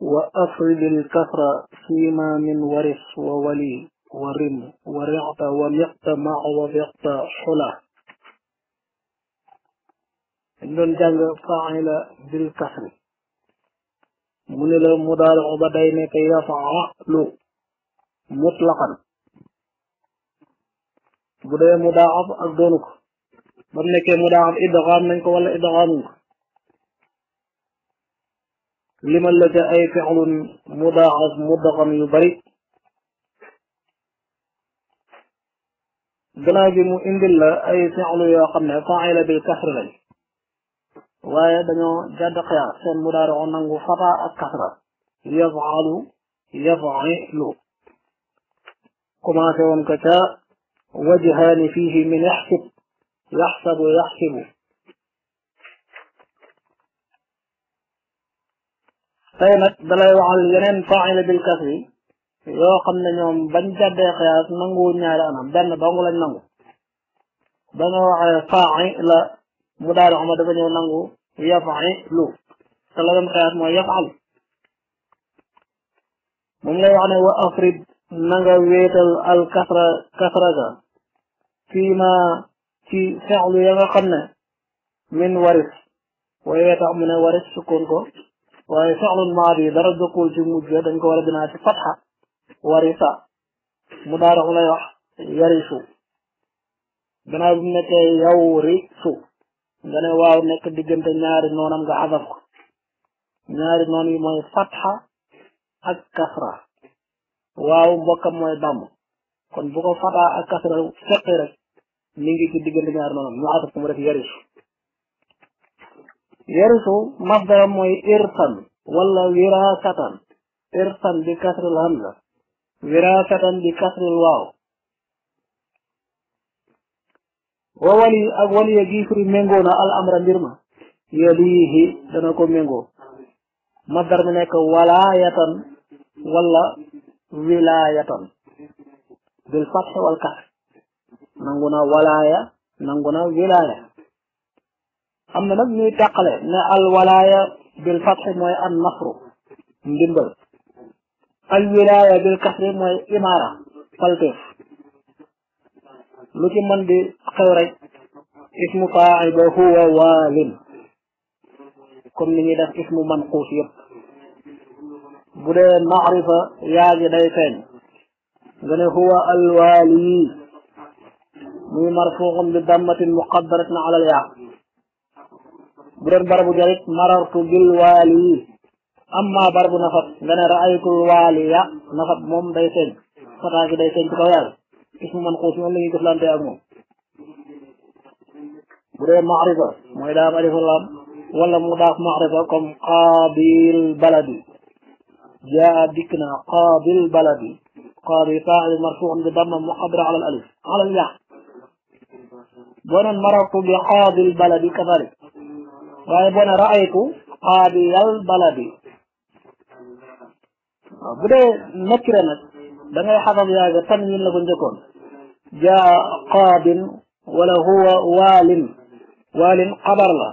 وأفرد الكفر فيما من ورث وولي ورم ورعت ومعت مع وضعت حلة نون جانغ فاعل بالكسر من المضارع بدين كي يفعل مطلقا بدين مضاعف اكدونك بدين كي مضاعف ادغام منك ولا ادغام منك لمن لدى أي فعل مضاعف مضغا يبري دلاجم إن بالله أي فعل يا قمع فاعل بالكسر لي ويا دنيو جد قياس مدار عنه فضاء الكسر يفعل يفعل كما سيوم كتاء وجهان فيه من يحسب يحسب يحسب, يحسب. tey nag dalay waxal yeneen faayila bil kasri yoo xam ne ñoom bañ jàddee xiyaas nanguwuñ ñaari anam benn dong lañ nangu ba nga waxee faayila mu daal xam dafa ñëw nangu yafa'ilu te la doon xiyaas mooy yafalu moom lay wax ne wa afrid na nga wéetal al kasra kasra ga fii ma ci fexlu ya nga xam ne min waris waaye tax mu ne waris sukkoon ko وهي فعل ماضي درد قول جمود جدا كوالدنا في فتحة ورثة مدارع لا يح يرثو بنا بنك يورثو بنا واو نك ديجنت نار نونم غا حذف نار نوني موي فتحة اك واو بوكا موي بام كون بوكا فتحة اك كسرة فقرة نيجي ديجنت نار نونم نعرف كم رف يرثو yarisu masdara mooy irsan wala wirasatan irsan bi kasril hamza wirasatan bi kasril waaw wa wali ak waliya gi firi méngoo na al amra mbir ma yalihi dana ko méngoo masdar mi nekk walaayatan wala wilaayatan bil fath wal kasr nangu na walaaya nangu na wilaaya am na nag ñuy teqale ne al walaaya bil fatxi mooy an nasru ndimbal al wilaaya bil kasri mooy imaara falteef lu ci mën di xew rek ismu faa'il ba huwa waalin comme ni ñuy def ismu manquus yëpp bu dee maarifa yaa ngi day feeñ nga ne huwa al waali muy marfuuxum bi dammatin muqaddaratin ala al yaa بدر برب جريت مررت بالوالي أما برب نفط من رأيك الوالي نفط مم بيسن فتاك بيسن تقوير اسم من قوسم اللي يقفلان تأمو بدر معرفة مهدام عليه الله ولا مضاف معرفة كم قابل بلدي جاء بكنا قابل بلدي قابل فاعل مرفوع بضم مقبرة على الألف على الله بنا مررت بقابل بلدي كذلك waaye boo ne raaytu xaadiyal baladi waaw bu dee nakira nag da ngay xafaf yaaga tan ñin la ko njëkkoon jaa qaadin wala huwa waalin waalin xabar la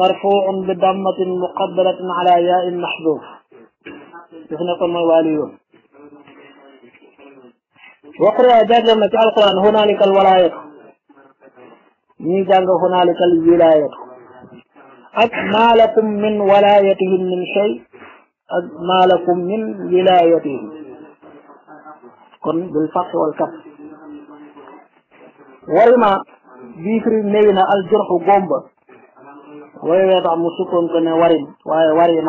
marfuun bi dammatin muqabbalatin ala yaain maxduuf gis ne kon mooy waali yoon waqria jàngal na ci alquran hunaalika alwalaayatu ñii jàng hunaalika alwilaayatu أب ما لكم من ولايتهم من شيء أب ما لكم من ولايتهم كن بالفتح والكف ورما بيفر نينا الجرح غومبا ويوضع مسكون كن ورم ورم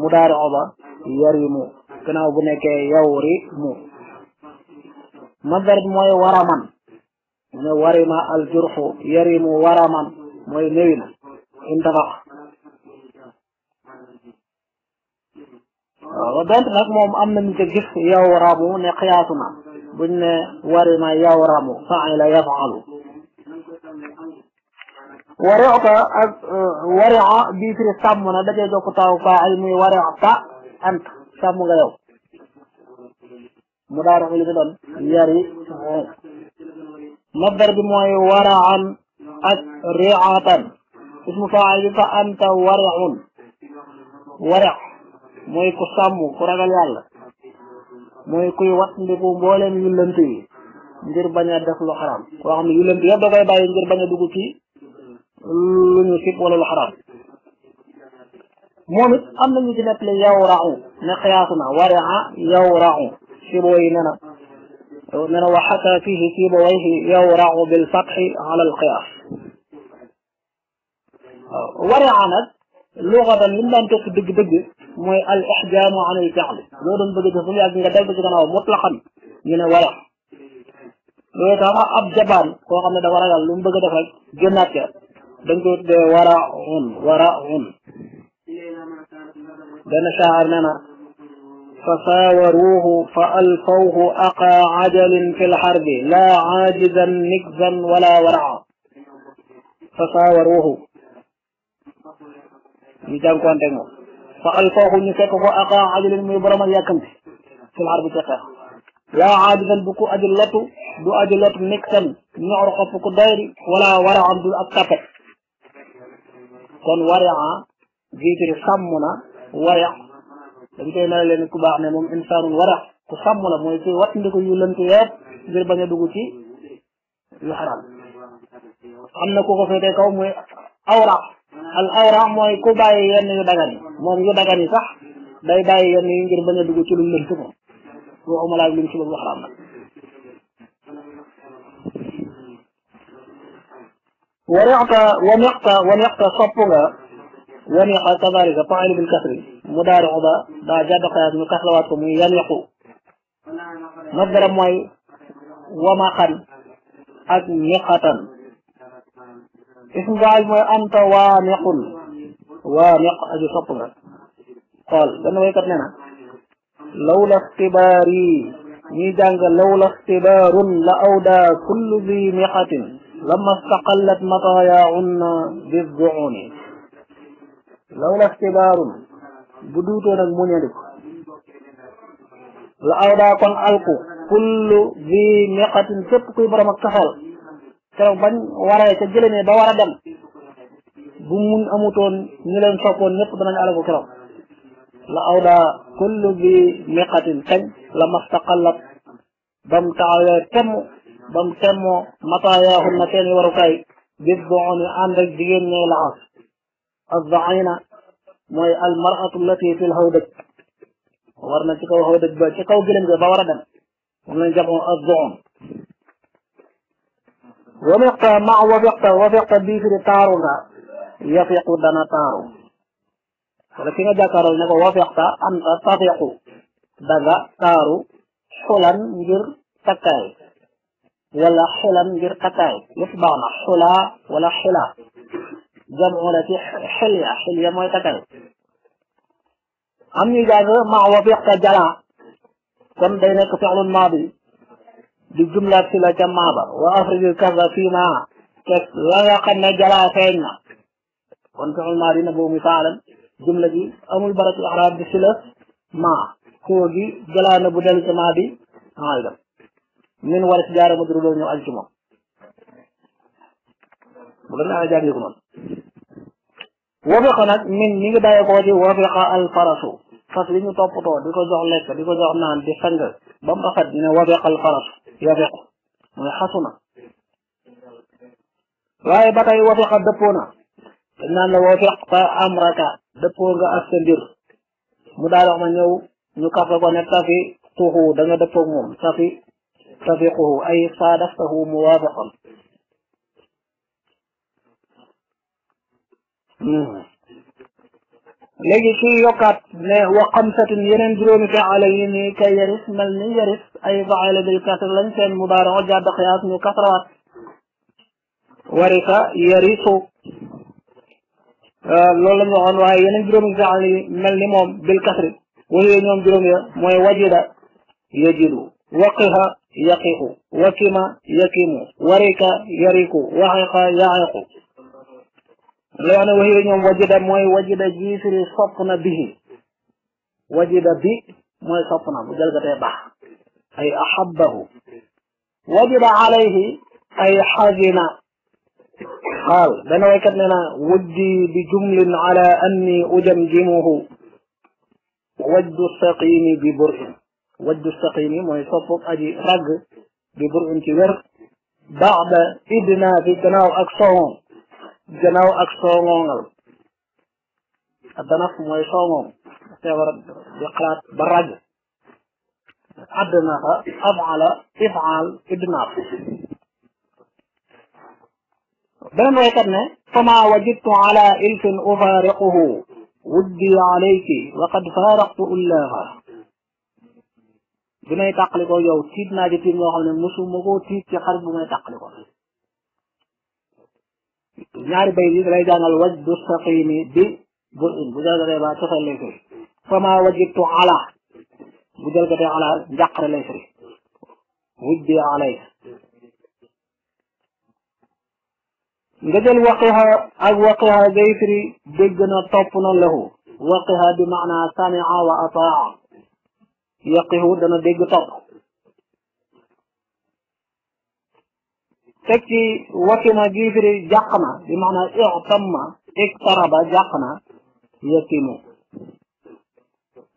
مدار عبا يريمو كنا بنك يورمو مو موي ورما من ورم الجرح يرمو ورما موي نينا عند بعض ودان رقم أمن من تجف يورامو نقياتنا بن ورما يورامو فعل يفعل ورعطا ورعا بيفر السامونا دجي دو كتاو فاعلمي ورعطا أنت سامونا يو مدارع لبدن ياري مدر بموي ورعا أت ريعاتا ismu faa'il fa anta wari'un wari' mooy ku sàmm ku ragal yàlla mooy kuy wattandiku mboolem yullant yi ngir bañ a def lu xaram koo xam ne yullant yëpp da koy bàyyi ngir bañ a dugg ci lu ñu sib wala lu xaram moom it am nañu ci nettali yow ra'u ne xiyaasu na wari'a yow ra'u siboo yi nee na nee na wa xaka fihi sibowayhi yow ra'u bil fatxi ala al qiyaas وراء لغة من بان تف دق دق موي الإحجام عن الفعل لودن بقى تفلي أجن قدر بقى تناو مطلقا ينا وراء موي تفا أب جبان كو خمنا دا وراء لن بقى تفلي جناتيا دنكو دي وراء هن وراء هن دنا شاعر نانا فساوروه فألفوه أقى عجل في الحرب لا عاجزا نكزا ولا ورعا فساوروه ñu jànkuwanteeg moom fa alfaahu ñu fekk ko aqaa ajalin muy boromal yàkkamti fil xar bi ca xeex laa aadidan bu ku aju lotu du aju lotu niksan ñoor xof ku doyri wala waraan du ak tapet kon waraan jiitiri sàmm na wara dañ koy nara leen ku baax ne moom insaanul wara ku sàmm la mooy ci wattandiku yu lënt yëpp ngir bañ a dugg ci lu xaraam am na ku ko féete kaw muy awra الأورام ما يكوبا يعني دعاني ما يعني دعاني صح داي داي يعني ينجر بني دعو تلوم لكم هو أملا يبلغ شو الله حرام ونقطة ونقطة ونقطة صبغة ونقطة تبارك فاعل بالكسر مدار عضا دا جاب قياد من كسلواتكم ينقو نظر ماي وما خل أك اسم فاعل مو انت وانق وانق ادي سطر قال لما يكتب لنا لولا اختباري ني لولا اختبار لاودى كل ذي مقة لما استقلت مطاياهن بالضعون لولا اختبار بدوتو نك مو لاودى كون الكو كل ذي مقة فك برمك برام keroog bañ waree ca jëlëmee ba war a dem bu muñ amutoon ñu leen soppoon ñëpp danañ alagu keroog la awda kullu bi miqatin kañ la mastaqallat ba mu taxawee temm ba mu temmoo mataayaaxul na seen warukaay bis booni ànd ak jigéen ñay laxas azzaina mooy almaratu lati fi lhawdaj war na ci kaw hawdaj ba ci kaw gëlëm ga ba war a dem moom lañ jamoo azzoon وفقت مع وفقت وفقت bii firi taaru nga yafiqu dana taaru wala ki nga jàkkaaral ne ko wafaqta anta tafiqu daga taaru xulan ngir takkaay wala xulan ngir takkaay yëpp baax na xula wala xula jamu la ci xilya xilya mooy takkaay am ñu jàng ma wafaqta jala kon day nekk fexlun maadi للجملة صلة ماضر وأخرج الكف فيما تسرق النجلا فينا كنت الماضي نبو مثالا جملة دي أمول برة الأعراب بسلا ما هو دي جلا نبو دل دي هذا من ورث جار مدرولون يو الجمع على جاري يكون وفق من نقدر يقول وفق الفرسو fas li ñu toppatoo di ko jox lekk di ko jox naan di sang ba mu rafet ñu ne wabeqal faras yabequ mooy xasu na waaye ba tey wabeqa dëppoo na dañ naan la wabeqta amraka dëppoo nga ak sa mbir mu daal wax ma ñëw ñu kafe ko ne tafi tuxu da nga dëppoog moom tafi tafiquhu ay saadaftahu muwaafaqan léegi suy yokkaat ne wa xamsatin yeneen juróomi fi'aala yi ni kay yaris mel ni yaris ay faala day kasra lañ seen mudaarao jàdd xiyaas ñu kasrawaat warisa yarisu loolu la ñu waxoon waaye yeneen juróomi fi'aala yi mel ni moom bil kasri waxee ñoom juróom ya mooy wajida yajidu waqiha yaqiqu wakima yakimu warika yariku waxiqa yaxiqu لأن وهي يوم وجد موي وجد جيسر صفنا به وجد بي موي صفنا مجلسة بح أي أحبه وجد عليه أي حزن قال بنا ويكتننا وجي بجمل على أني أجمجمه وجد السقيم ببرء وجد السقيم موي صفق أجي رق ببرء تبر بعد إدنا في تناو أكسرون جناو اك سونغل ادنا فموي سونغل سيور يقرات براج ادنا افعل افعل ادنا بما يكرنا فما وجدت على الف افارقه ودي عليك وقد فارقت الله بما يتقلقوا يو تيدنا جتين وخلنا مسو مغو تيد تخرج بما يتقلقوا نار بيد ريدان الوجد السقيم ب بدل ذي ما تصل ليس فما وجدت على بدل ذي على جقر ليس ودي عليه بدل وقها أو وقها ذيفري بجنا طفنا له وقها بمعنى سمع وأطاع يقهو دنا ديج طفن تكي وكنا جيفري جاقنا بمعنى اعتم اقترب جاقنا يتيمو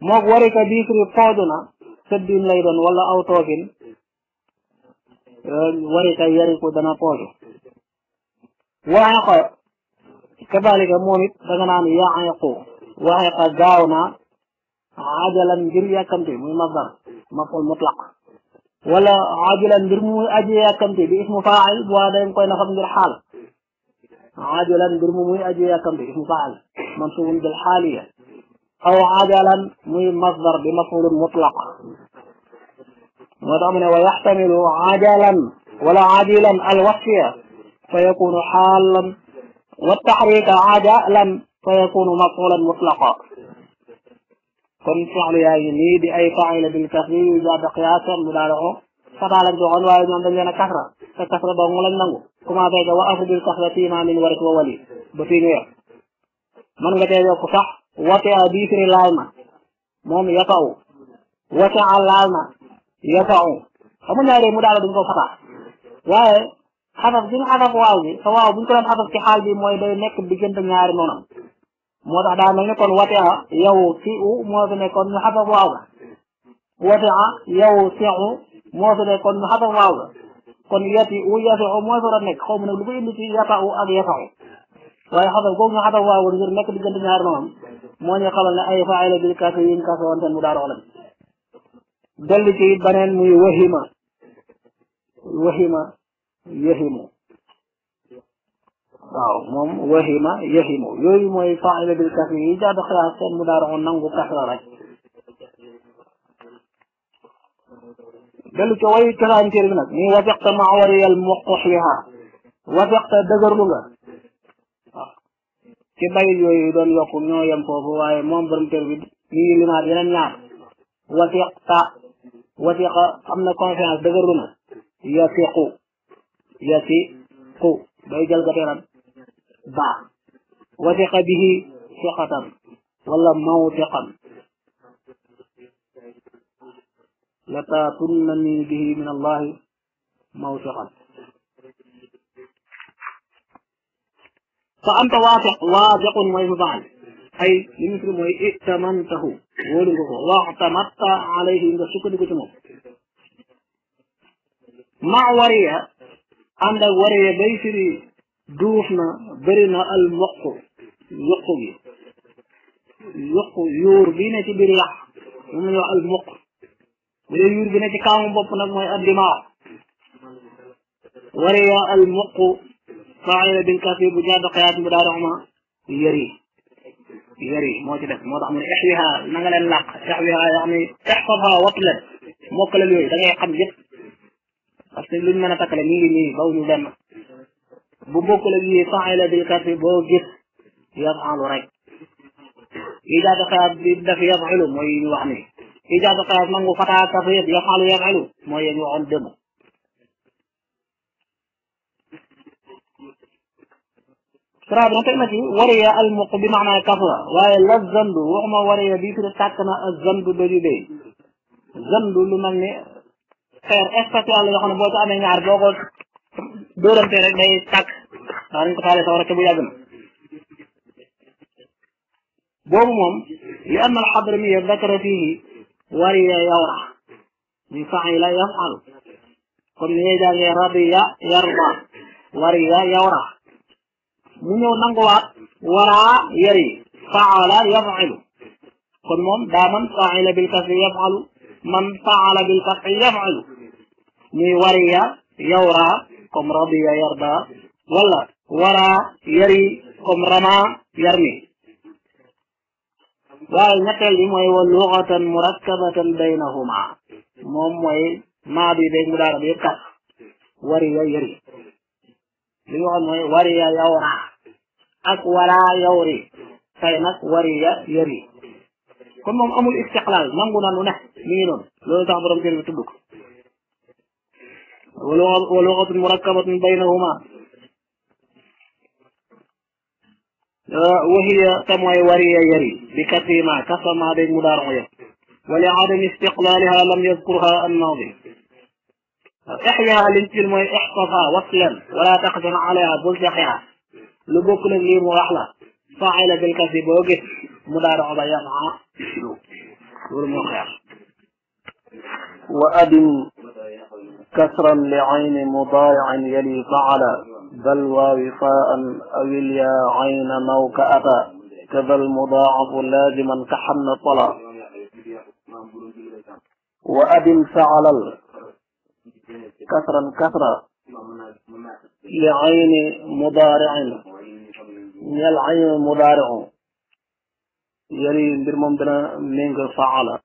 موك وريكا جيفري فودنا سدين ليدن ولا او توكين اه، وريكا يريكو دنا فودو وعق كذلك مومت دغنان يعق وعق جاونا عجلا جريا كمتي مصدر مفعول مطلق ولا عاجلا برمو أجي يكمتي باسم فاعل وهذا يمكن أن نفهم بالحال عاجلا برمو أجي يكمتي باسم فاعل منصوب بالحالية أو عاجلا مي مصدر بمفعول مطلق وضمن ويحتمل عاجلا ولا عاجلا الوصية فيكون حالا والتحريك عاجلا فيكون مفعولا مطلقا kon faalu yaa ngi nii di ay faayila bil kasri yu jàdd qiyaasa mu daal ko fataa lañ doxoon waaye ñoom dañ leen a kasra te kasra dong lañ nangu commencé ga wa afu bil kasra fi ma min warit wa wali ba fii ñu yor man nga tee yokk sax wate a biisiri laay moom yafaw wate a laal ma yafaw xamu ko fataa waaye xataf gi ñu waaw bi sa waaw buñ ko doon xataf ci xaal bi mooy day nekk diggante ñaari noonam موضح دا ملني كون واتعا يوسيء موضح دا كون محفظ واوضا واتعا يوسيء موضح دا كون محفظ واوضا كون يتيء يفع موضح دا نك خو من الوبي اللي في يفع أغ يفع واي حفظ كون محفظ واوضا نزر نك دي جند نهار نوم موني قبل لا أي فاعل بالكافرين كافران تن مدار علم دلتي بنان مي وهما وهما يهمو اه، مم وهم يهم يهم يفعل بالكثير إذا دخل أصلا مدارع النعو كثرة رك بل كوي كلام كثير منك مي وثقت مع وري المقح لها وثقت دجر لها آه. كي باي يوي دون يوكو نيو يم فوفو واي مم برم كثير مي لما دينا نعم وثقت وثق أمنا كونفيانس دجر لها يثقو يثقو باي جلد كثير منك با وثق به ثقة ولا موثقا لتاتنني به من الله موثقا فأنت واثق واثق ويه أي يمكن ما ائتمنته ولغه واعتمدت عليه عند شكر كتمه مع وريه عند وريه بيسري دوفنا برنا المقو يقو يقو يور بينا تي بريا ومن يو المقو بري يور بينا تي كامو بوبنا موي الدماء وريا المقو فاعل بن كافي بجاد قيادة مدار عمى يري يري موتي بس موت عمر احيها نغل اللاق احيها يعني احفظها واطلب موكل اليوم دقيقة قبل جد أصلاً لن نتكلم ني ني بوني دمه bu bokkul ak yi faala bil kasri boo gis yafalu rek ijaata xayaat bi def yafalu mooy ñu wax ni ijaata xayaat nangu fataa kasri yëpp yafalu yafalu mooy yéen waxoon dëmm سراب نتمتي وريا المق بمعنى كفرة وهي لا الزند وما وريا بي في تاكنا الزند دولي دي زند لو ملني خير اسبيسيال لو خنا بو تو امي ñaar boko dooram te rek day tak maanaam ko taalee sawara te bu yàgg na boobu moom li am alxadramiya dakara fihi wariya yawra muy faila yafalu comme ni ngay jàngee radiya yarda wariya yawra mu ñëw nanguwaat waraa yari faala yafalu kon moom daa man faila bil kasri yafalu man faala bil fatxi yafalu muy wariya yawra comme radiya yarda ولا ورا يري أم رما يرمي والنقل لموي لغة مركبة بينهما موي ما بي بين مدار بيكا وري يري لموي وري يورا أك ولا يوري سينك وري يري كم مم أمو الاستقلال نمونا نونه مينون لو تعبرم كلمة تبوك ولغة مركبة بينهما وهي كما يوري يري بكسر ما كفى ما بين مضارع ولعدم استقلالها لم يذكرها الناظم احيا للجل احفظها وصلا ولا تقدم عليها بلتقيها لبكر لي مرحلة lii mu wax مدار faxila مع kasi وأدم كسرا لعين مضارع يلي فعل بل ووفاء أو اليا عين موك أتى كذا المضاعف لازما كحن طلع وأدم فعل كثرا كثرا لعين مضارع يلعين مضارع يلي برمم دنا مينغ فعل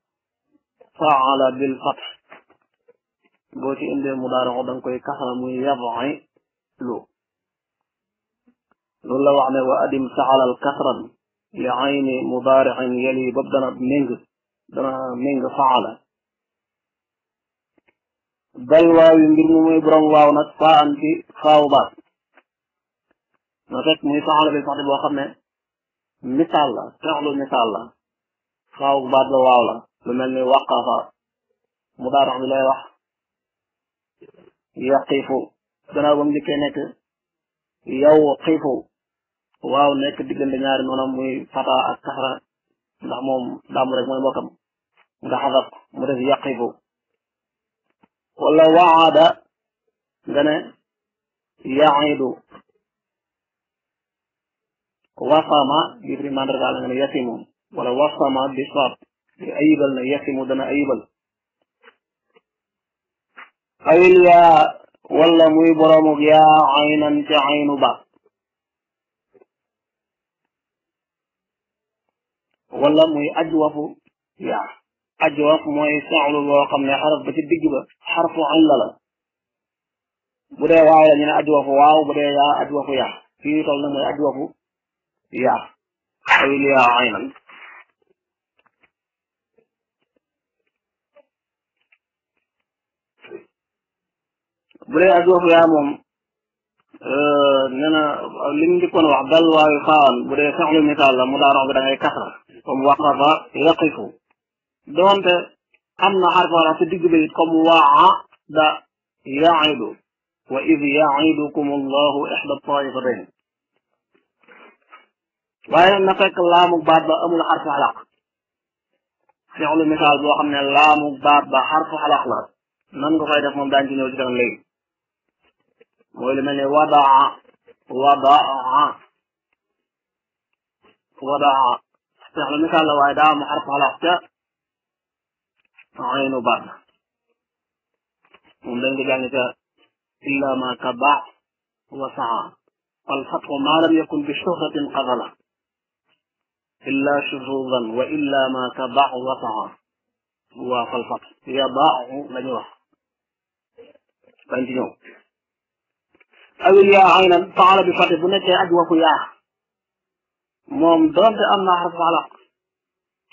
فعل بالفتح بوتي اندي مضارع دنكوي كثرا من يضعي لو لولا وعنا وأدم سعل الكثرة لعين مضارع يلي بدنا بمنغ دنا منغ فعل بل واو يمبرنو مي برون واو نتفا أنتي فاو بات نتك مي فعل بالفعل بواخر مي مثال لا فعل مثال لا فاو بات لواو لا لمني وقف مضارع بلا يوح يقف دنا بمدي كينك يوقفو waaw nekk diggante ñaari noonam muy fata ak kaxra ndax moom daamu rek mooy bokkam nga xadaf mu def yaqifu wala waada nga ne yaidu wasama bi fi mandargaal nga ne yasimu wala wasama bi sab di ayibal na yasimu dana ayibal awil yaa wala muy boromuk yaa aynan ci aynu ba wala muy ajwafu yaa ajwaf mooy fi'lu boo xam ne xaraf ba ci digg ba xarfu illa la bu dee waaw la ñu ne ajwafu waaw bu dee yaa ajwafu yaa fii ñu toll na mooy ajwafu yaa ay yaa aynan bu dee ajwafu yaa moom nee na li mu njëkkoon wax dal waayu faawan bu dee fi'lu misaal la mu daa rox bi da ngay kasra وقضى يقف دونت أن حرف على تدقبي كم وعى دا يعد وإذ يعيدكم الله إحدى الطائفين وإن نقيك الله مبادة أم الحرف على فعل مثال بوحة من الله مبادة حرف على أخلاق من غير فائدة من دانجين وجدان لي مويل من وضع وضع وضع يعني مثلا لو أداة معرفة على عين وبعد ومن ذلك إلا ما تبع وسعى فالفتح ما لم يكن بشهرة قبله إلا شذوذا وإلا ما تبع وسعى هو هي باع من يروح فأنت أو الياء عينا فعل بفتح بنك أجوف ياه موم دون دي امنا حرف علاق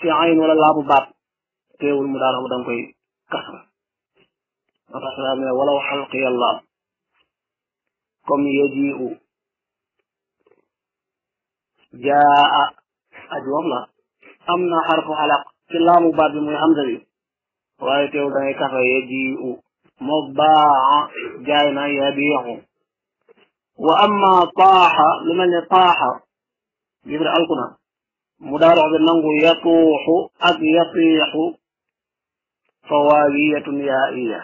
في عين ولا لاب باب تيول مدارا مدن كوي كسر وتسلام ولو حلقي الله كم يجيء جاء اجو الله امنا حرف علاق في لام باب من حمد لي واي تيول داي كفا يجيء مباع جاينا يبيع واما طاح لمن طاح jibril alkuna mudaarix bi nangu yatuuxu ak yatiixu fa waawiyatun yaaiya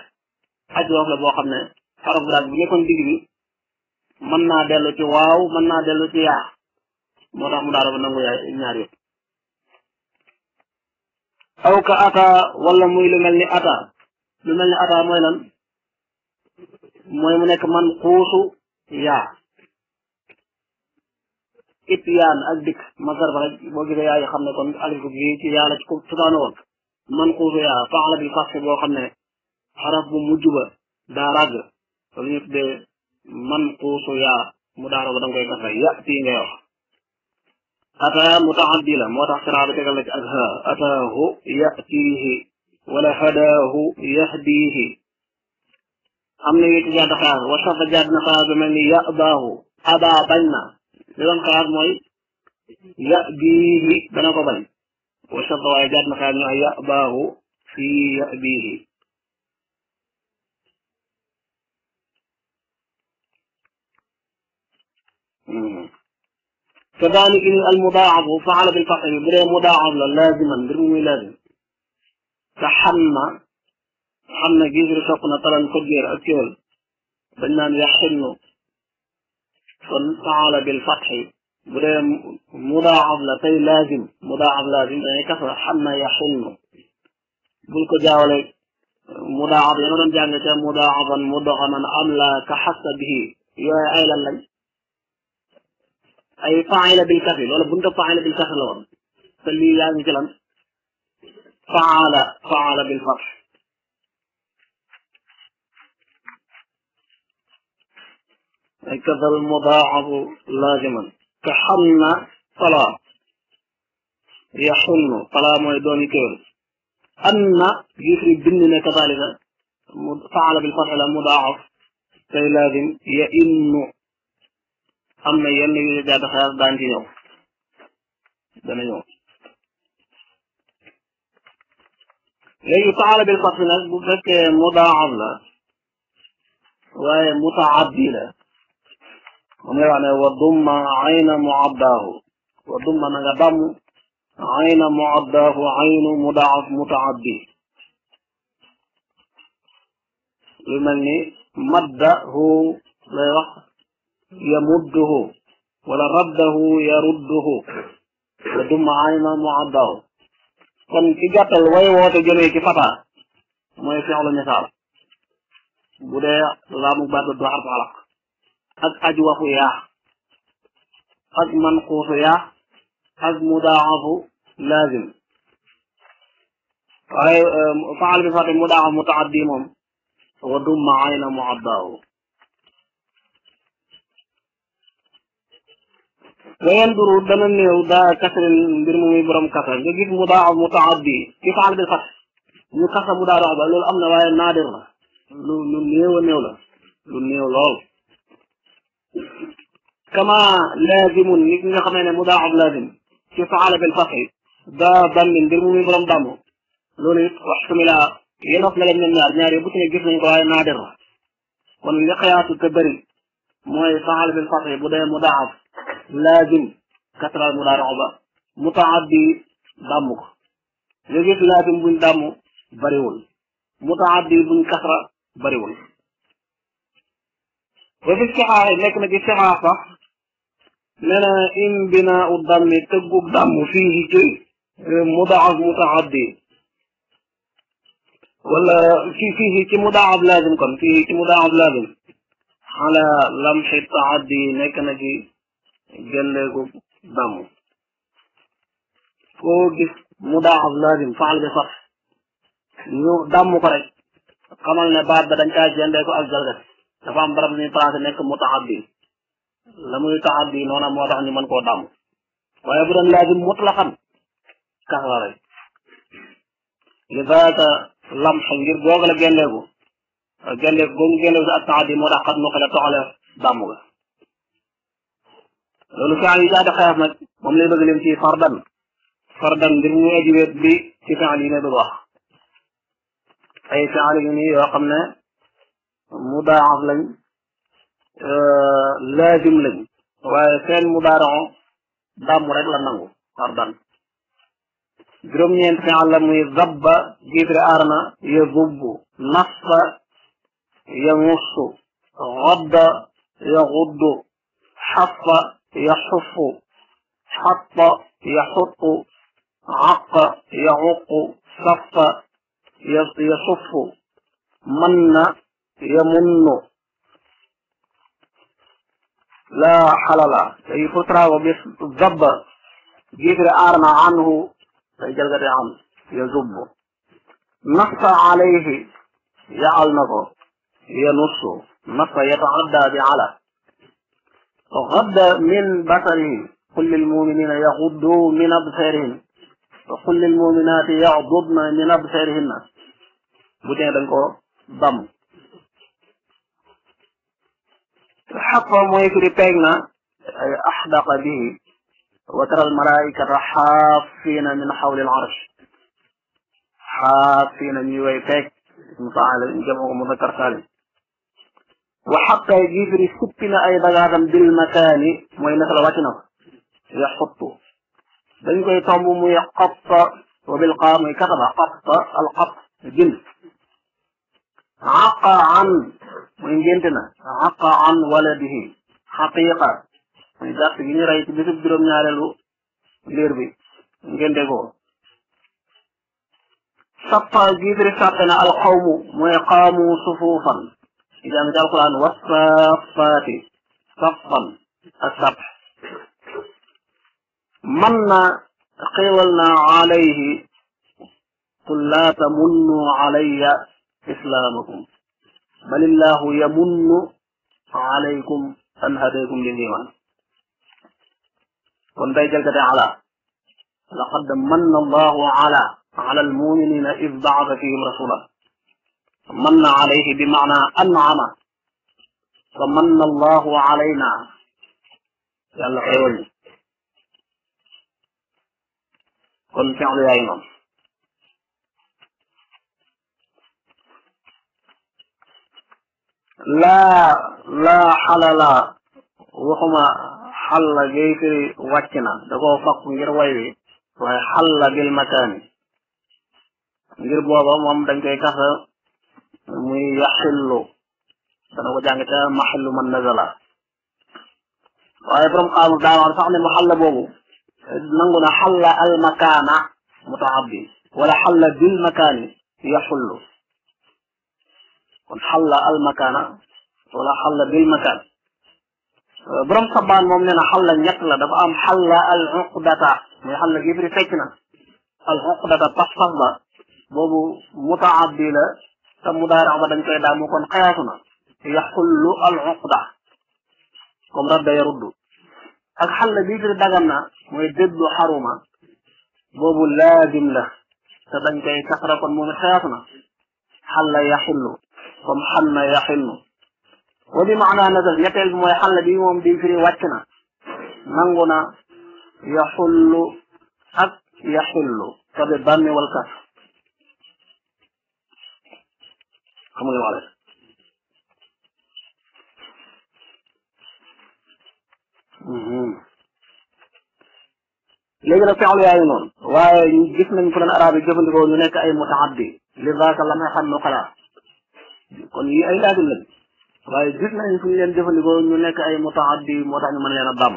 aj woof la boo xam ne xaraf bu daal bu nekkoon digg bi mën naa dellu ci waaw mën naa dellu ci yaa moo tax mudaarix bi nangu yaay ñaar yëpp aw ka ata wala muy lu mel ni ata lu mel ni ata mooy lan mooy mu nekk man xuusu yaa itiyaan ak dik masdar ba bo gisee yaa xam ne kon alif bi ci yàlla ci ko tudaano woon man xuusu yaa faala bi fàtte boo xam ne xaraf bu mujj ba daa ràgg loolu ñu tuddee man xuusu yaa mu daaro ba da nga koy kasra ya tii ngay wax أتى متعدلا وتحصل على تكلك أتها أتاه يأتيه ولا هداه يهديه أم نيت جاد خيار وشف جاد نخاز من يأباه أبا بنا نظام قرار موي يأبيه بيه دنا كو باي وش يأباه في يأبيه بيه كذلك المضاعف فعل بالفقر بري مضاعف لازما بروي لازم تحمى حمى جيزر شقنا طلن كبير اكيول بنان يحنو فعل بالفتح بري مضاعف لا لازم مضاعف لازم اي كسر حما يحن بولكو جاولي مضاعف يما دون جانغي مضاعفا مضغما ام لا كحس به يا ايلا لاي اي فعل بالكفي ولا بنت فعل بالكفي لو فلي يعني كلام فعل فعل بالفتح كذا المضاعف لازما كحن صلاة يحن صلاة ما يدون كير أن يفري بننا كذلك فعل بالفرح مضاعف كي لازم يئن أما ين يجد هذا خير دانتي يوم دانتي يوم لأي فعل بالفرح المضاعف لا ومتعدي له وميواني وضم عين معداه وضم نغدم عين معداه عين مضاعف متعدي لمن مده يمده ولا رده يرده وضم عين معداه كان في gàttal way woote jëmee ci fata mooy fi'lu misaal bu dee laamu baat du ak aj waxu yaa ak manquusu yaa ak mudaaxafu laazim waaye faal bi fàtte mudaaxaf mutaaddi moom wa dumma ayna muaddaahu wayanduru dana néew daa kasrin mbir mu muy borom kasa nga gis mudaaxaf mutaaddi ci faal bi fàtte ñu kasa mudaaxaf ba loolu am na waaye naadir la lu lu néew a néew la lu néew lool كما لازم نيغا خامني مداعب لازم في فعل بالفقه دا بن ندير مومن بروم دامو لولي وحكم الى ينوف لا لن النار نار يبوتي نيغيس نكو واي نادر كون لي خياتو تبري موي فعل بالفقه بودي مداعب لازم كثر المدارعه متعدي دامو لازم بن دامو بريول متعدي بن كثر بريول وفي الصحاح لك ما في الصحاح لنا إن بناء الضم تقب ضم فيه جي مضاعف متعدي ولا في فيه كي مضاعف لازم كم فيه كي مضاعف لازم على لمح التعدي لك ما جي جلقوا ضم فوق مضاعف لازم فعل بصف نو ضم قرأ قمنا بعد بدن كاجي عندك أجل جسد dafa am barab ni tracé nek mu taxaddi la muy taxaddi noona moo tax ni man ko dam waye bu doon lazim mutlaqan ka la rek li lam lamx ngir googu la gendeeku gendeeku googu gendeeku ak taxaddi tax xat nu xale toxale dàmm ga loolu fiil yi daade xaf nak mom lay beugalim ci fardan fardan mbir mu aji wet bi ci fiil ne do wax ay taali ni yo xamne mudaaraf lañ laazim lañ waaye seen mudaarao damm rek la nangu ardan juróom-ñeent fi àlla muy zabba jiitre arna yazubbu nassa yamussu غض يغض حف يحف حط يحط عق يعق صف يصف من يمن لا حلال أي فترة وبيضب جيكر أرنا عنه جلد عنه يزب نص عليه يعلنه ينص نص يتعدى بعلى غد من بصره كل المؤمنين يغضوا من أبصارهم وكل المؤمنات يغضضن من أبصارهن بوتين دنكو ضم حطهم ويكريبينا آه، أحدق به وترى الملائكة حافين من حول العرش حافين من يويتك مفعل جمع مذكر ثالث وحق جبري سبنا أي هذا بالمكان موي نكلا واتنا يحط دنجو يتوم يقط قط وبالقام يكتب قط القط جلد عقى عن وين عقى عن ولده حقيقة ويدافع جيني رايت بيتب جروم نارلو لير بي جنده قول سطى جيدر ساتنا القوم ويقاموا صفوفا إذا مدى القرآن والصفات صفا السبح من قيلنا عليه قل لا تمنوا علي إسلامكم بل الله يمن عليكم أن هديكم للإيمان كن بيت جلتة على لقد من الله على على المؤمنين إذ بعث فيهم رسولا من عليه بمعنى أنعم فمن الله علينا يلا خير كن فعل يا إمام لا لا حلال وخما حل جيكري واتنا دقو فاق مجر ويري وهي حل بالمكان مجر بوابا مهم دنكي كفا مي يحل سنو جانكتا محل من نزل وهي برم قالوا دعوا رفعني محل بوابو ننقنا حل المكان متعبي ولا حل بالمكان يحلو kon xalla al makaana wala xalla bil makaan borom sabbaan moom nee na xalla ñett la dafa am xalla al uqdata muy xalla gi biri fecc na al uqdata pas-pas ba boobu mutaaddi la te mudaarax ba dañ koy daamu kon xayaasu na yaxullu al uqda comme radda yaruddu ak xalla bi biri dagan na mooy dëddu xaruma boobu laazim la te dañ koy kasra kon moom xayaasu na xalla yaxillu ومحمد يحن ودي معنى نزل يتل مو يحل بي موم دي فري واتنا نانغونا يحل اك يحل كد بامي والكاف كما لي والد لكن في علي أيضا، وجسمنا في العربي جبل يقول لك أي متعدي لذاك لم يحن خلاص. kon yi ay laajul lañ waaye gis nañ suñ leen jëfandikoo ñu nekk ay mutaaddi moo tax ñu mën leen a damm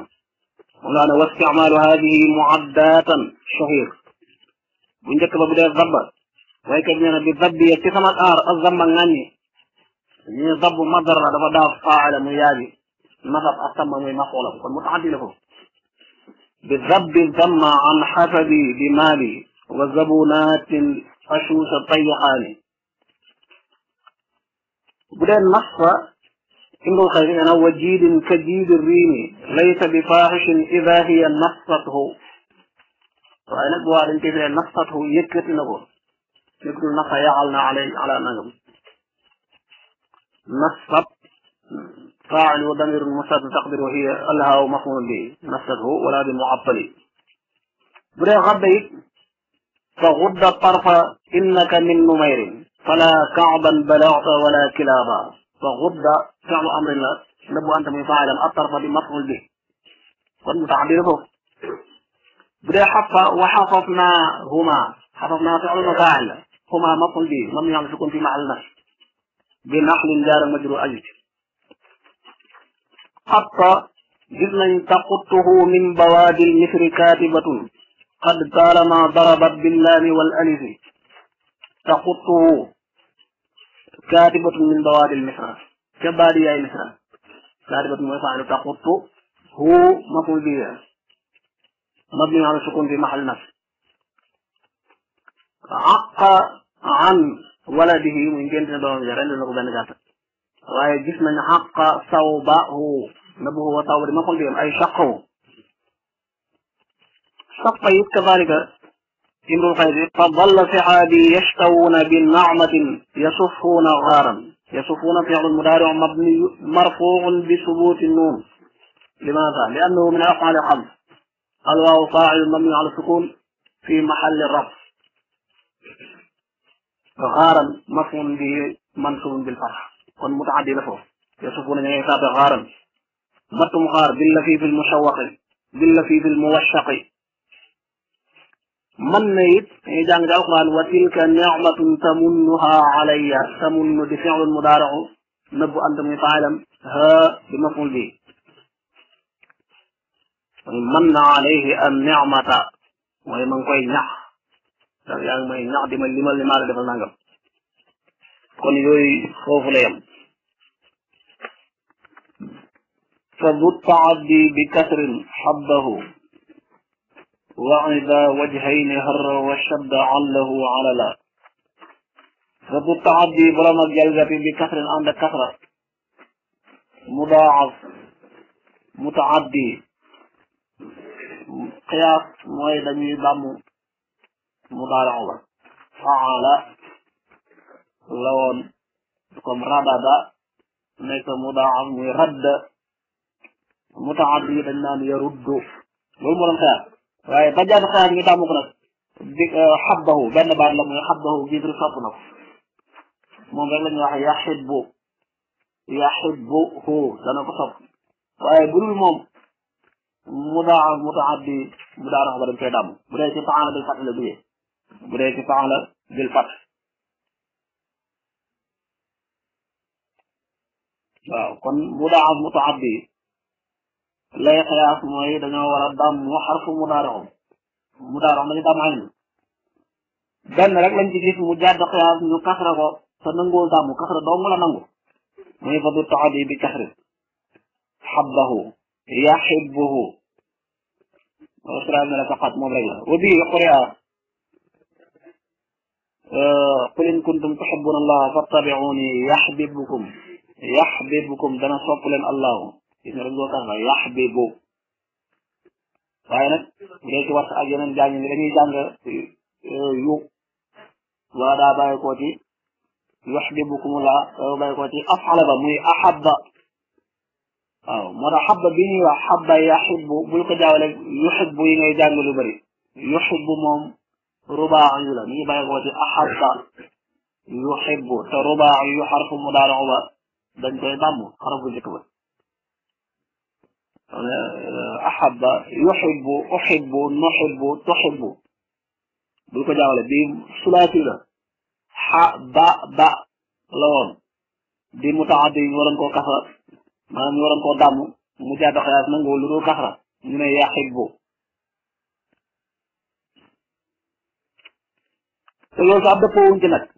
moom laa ne wasticmaalu haadihi muaddatan shahir bu njëkk ba bu dee dabba waykat nee na bi dabbi ci sama aar ak zamba ŋàññi ñu ne dabb madar la dafa daaf faala muy yaaji nasab ak samba muy mafulam kon mutaaddi la ko bi dabbi damma an xasabi bi maali wa zabunatin ashuusa tayaxaani بلين نص إنه أنا وجيد كجيد الريم ليس بفاحش إذا هي نصته وأنا بوار أنت بلين نصته يكت نبور يكت نص يعلن علي على نجم نصب فاعل وضمير مستتر تقدر وهي الها ومفهوم به نصته ولا بمعطل بلين غبيت فغض الطرف إنك من نمير فلا كعبا بلغت ولا كلابا فغض فعل امر الله نب انت مفاعلا الطرف بمفعول به فالمتعبيره بدي حفا وحفظناهما حفظنا فعل مفاعل هما مفعول به لم يعرفكم في معلنا بنقل دار المجرو اجد حتى جبنا تقطه من بواد المثر كاتبة قد قال ما ضربت باللام والالف تقطه كاتبة من بوادي المصرف كبادي يا مصر كاتبة مفعل تقط هو مفعول به مبني على السكون في محل نفس عق عن ولده من جنة دوم جرن لو بن جات واي جسم حق صوبه نبوه وطاور مفعول به أي شقه شق كذلك ابن القيم ظل صحابي يشتون بنعمة يصفون غارا يصفون فعل المدارع مبني مرفوع بثبوت النون لماذا؟ لأنه من أفعال الحمد الواو فاعل مبني على السكون في محل الرفع غارا مفهوم به منصوب بالفتح كن متعدي له يصفون يعني غارا متم غار باللفيف المشوق باللفيف الموشق من نيت إذا قال وتلك نعمة تمنها علي تمن بفعل المضارع نبو أن تعلم ها بمفعول به من عليه النعمة وهي من قوي نح يعني من نح دي من لما لما لما لما كون يوي خوف ليم فذو التعدي بكثر حبه وعذا وجهين هر وشد عله على لا رب التعدي برم الجلدة بكثر عند كثرة مضاعف متعدي قياس مويدا داني مضارع فعل لون كم ردد نيك مضاعف ويرد متعدي دنا يرد لول مرم waaye ba jaan xaar ñu tàmm ko nag di xabbahu benn baat la muy xabbahu jibril sopp na ko moom rek la ñuy wax yaxibbu yaxibbuhu dana ko sopp waaye bu dul moom mudaa mutaaddi mudaarax ba dañ koy dàmm bu dee ci faala bil fat la dugee bu dee ci faala bil fat waaw kon mudaa mutaaddi لا يقياس موي دانيو ورا دام وحرف مدارو مدارو ما دام عين بن رك لا نجي مو جاد قياس نيو كخرغو تا نانغو دامو كخر بكخر حبه يحبه وسلام لك فقط مو رجل ودي قريا آه، قل ان كنتم تحبون الله فاتبعوني يحببكم يحببكم دنا صوت الله dina la loo tax na yaxbibu waaye nag bu dee ci war ak yeneen jàng ni dañuy jàng yu laa daa bàyyi koo ci yuxdibukum laa daa bàyyi koo ci afala ba muy axabba waaw moo tax xabba bi ñuy wax xabba yaxibbu bul ko jaawale yuxibbu yi ngay jàng lu bëri yuxibbu moom rubaa yu la mi ngi bàyyi koo ci axabba yuxibbu te rubaa yu xarfu mu daara ba dañ koy dàmm xarfu njëkk ba يعني، آه، أحب يحب أحب نحب تحب بلوكو جاولة بيم سلاتينا حا با با لون دي متعدي ورنكو كفر ما نورنكو دامو مجاد خياس ننغو لرو كفر نينا يحب يوز عبد فوق جنك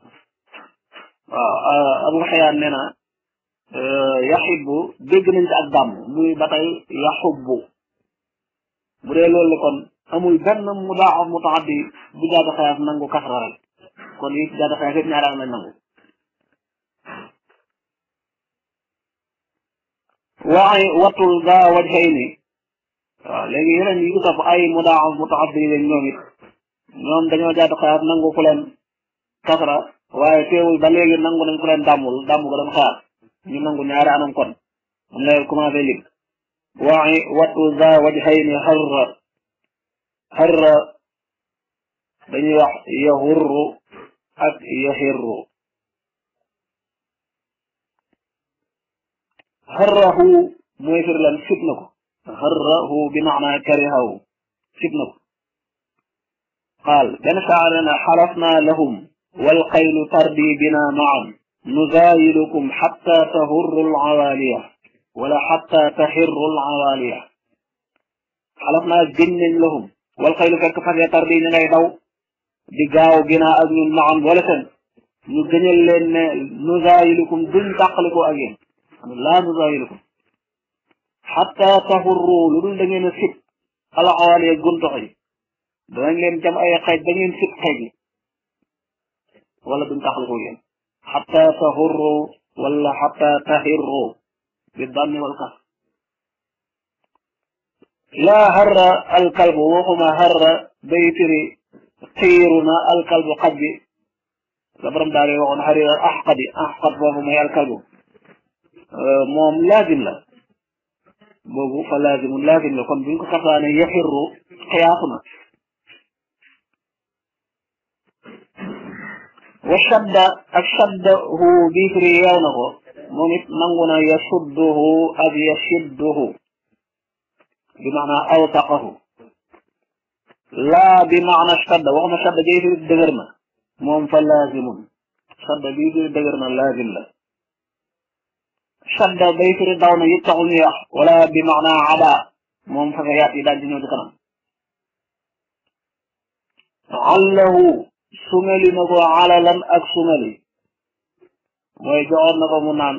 آه، آه، أبو حيان نينا yaxibbu dégg nañ ci ak dàmm muy ba tey yaxubbu bu dee loolu kon amul benn mudaaf mutaaddi bu jaada xayaas nangu kasra rek kon yi jaada xayaas yëpp ñaari am nañ nangu waay watul ga wajhayni waaw léegi yeneen yi topp ay mudaaf mutaaddi lañ ñoom it ñoom dañoo jaada xayaas nangu ku leen kasra waaye teewul ba léegi nangu nañ ku leen dàmmul dàmm ko doon xayaas ñu nangu ñaari anam kon am na commencé lim wa'i watu za wajhayni harra harra dañuy wax yahurru ak yahirru harrahu mooy fir lan sib na ko harrahu bi maana karihahu sib na ko قال بل شعرنا حلفنا لهم والخيل تربي بنا معا نذايلكم حتى تهر العوالية ولا حتى تحر العوالية حلقنا جن لهم والخيل كالكفر يطردين لا يدعو بجاو بنا أذن معن ولسن نجن لن نذايلكم دون تقلق أجين لا نذايلكم حتى تهروا لدن دنين سب على عوالية قنطعي دنين لهم جمع أي قيد دنين سب خيجي ولا دون تقلق أجين حتى تهروا ولا حتى تهروا بالضم والكسر لا هر الكلب وهما هر بيتري طيرنا الكلب قد لبرم داري وخنا هرير أحقد أحقد وهما الكلب موم لازم لا بوبو فلازم لازم لكم بنكو كفانا يحر قياسنا وشد الشد هو بيفر يونغو نونت نغنا يشده أو يشده بمعنى أوثقه لا بمعنى شد وهم شد جيفر الدغرمة مهم فلازم شد بيفر الدغرمة لازم له شد بيفر الدغرمة يتغني ولا بمعنى عدا مهم فغيات إلى جنود كرم عله سمالي نغو علالا اك سمالي موي جوار نغو منان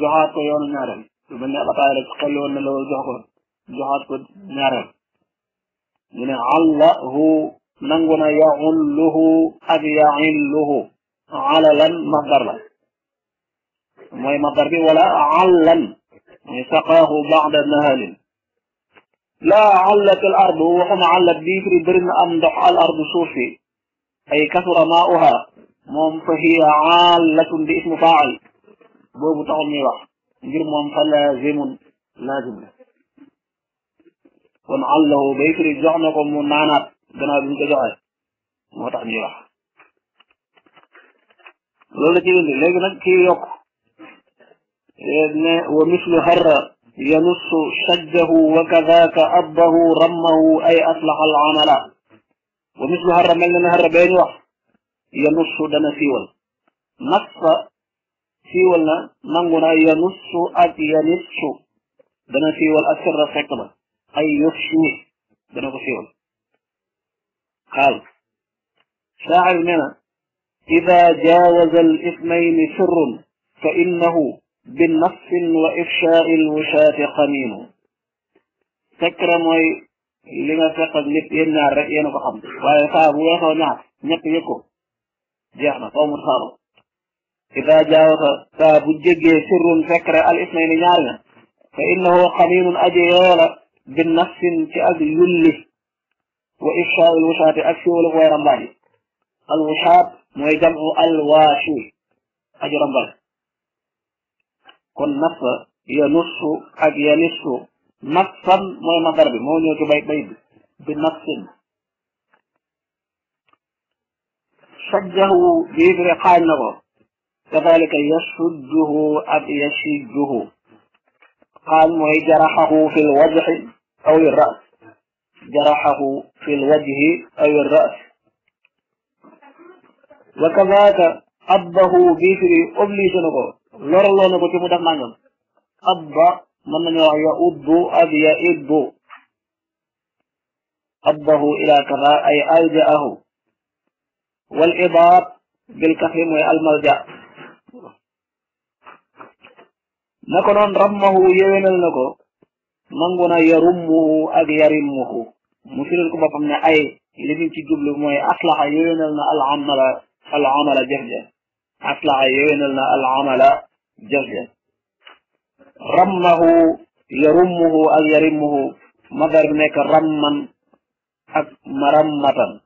جوار كو يون نارم سبن الله تعالى تقلو ان لو جهات جوار كو نارم من علّه نغونا يعلّه اك يعلّه علالا مضر لك موي مغر بي ولا علّا سقاه بعد النهال لا علّت الأرض وحما علّت بيكري برن أمضح الأرض صوفي أي كثر ماؤها مم فهي عالة باسم فاعل بوب تعمي وح غير موم فلازم لازم ونعله بيكري قم منعنات جنا بن تجعي موتعمي وح لولا كيف يندي لكن كي يوك ومثل هر ينص شده وكذاك أبه رمه أي أصلح العمل ومثل هر من لنا هر بين وح ينص دم سيول نص سيولنا نقول ينص أك ينص دم سيول أسر سكما أي يفشي دم سيول قال شاعر منا إذا جاوز الإثمين سر فإنه بالنص وإفشاء الوشاة قميم تكرم لما تقل لك ينا رأينا بخم وهي صاحب ويصا ناس نك يكو جاءنا قوم الخارج إذا جاء صاحب الجج سر فكر الاثنين يالا فإنه قليل أجي يالا بالنفس كأب يلي وإشاء الوشاة أكشو لغوي رمضان الوشاة ميجمع الواشي أجي رمضان كن نفس ينص أجي نصه نقصاً موي مدار بي مو نيوتي باي باي بي بنقصاً شجه بيبري قائل نغو كذلك يشده أب يشده قال موي جرحه في الوجه أو الرأس جرحه في الوجه أو الرأس وكذلك أبه بيبري أبلي سنغو لرلو نغو تمو دخمانيو أبه ممن يؤد أذ يئد أبه إلى كذا أي ألجأه والإضاب بالكفيم والملجأ نكون رمه يوين النكو منغونا يرمه أذ يرمه مثل كبه فمنا أي لذين تجيب لهم أصلح يوين العمل العمل جهجة أصلح يوين العمل جهجة رمه يرمه أو يرمه مدر منك رما أك مرمة